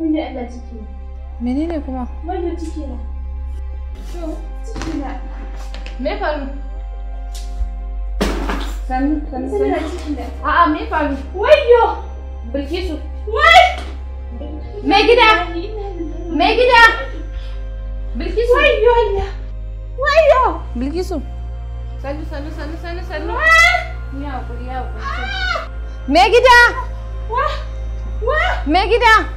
Kun Menene kuma? ciki na. To, ciki na. Me faru? ciki me faru? Wayyo! Wai! Me gida! Me gida! Wayyo Wayyo! Sanu, sanu, sanu, sanu, sanu. ya Me gida! Wa! Wa! Me gida!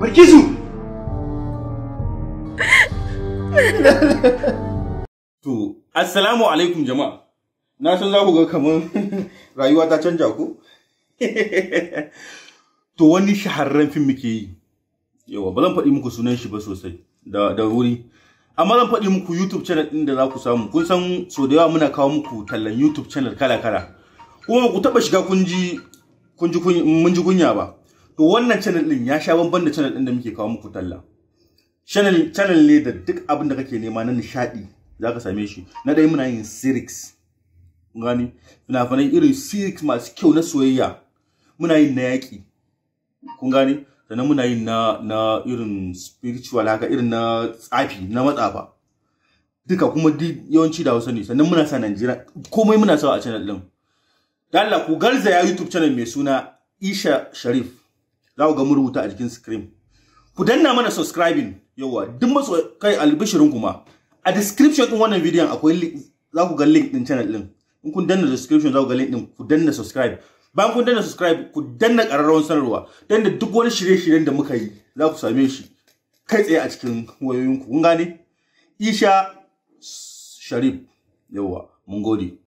Barkisu! To, assalamu alaikum jama'a. Na san za ku ga kamar rayuwa ta canja ku? To wani shahararren fim muke yi. Yawa, ba zan faɗi muku sunan shi ba sosai da wuri. Amma zan faɗi muku YouTube channel ɗin da za ku samu. Kun san so da yawa muna kawo muku tallan YouTube channel kala-kala. Kuma ku taɓa shiga kun ji kun ji kunya ba. to wannan channel din ya sha bamban da channel din da muke kawo muku talla channel channel ne da duk abin da kake nema na nishadi zaka same shi na dai muna yin series gani fina-finai irin six masu kyau na soyayya muna yin na yaƙi kun gani sannan muna yin na na irin spiritual haka irin na tsafi na matsafa duka kuma yawanci da wasu ne sannan muna sa Najeriya komai muna sawa a channel din dalla ku garza ya YouTube channel mai suna Isha Sharif za ku ga mu rubuta a jikin screen ku danna mana subscribing yawa duk masu kai albishirin kuma a description din wannan bidiyon akwai link za ku ga link din channel din in kun danna description za ku ga link din ku danna subscribe bayan kun danna subscribe ku danna ƙararrawar sanarwa dan da duk wani shirye-shiryen da muka yi za ku same shi kai tsaye a cikin wayoyinku kun gane Isha Sharif yawa mun gode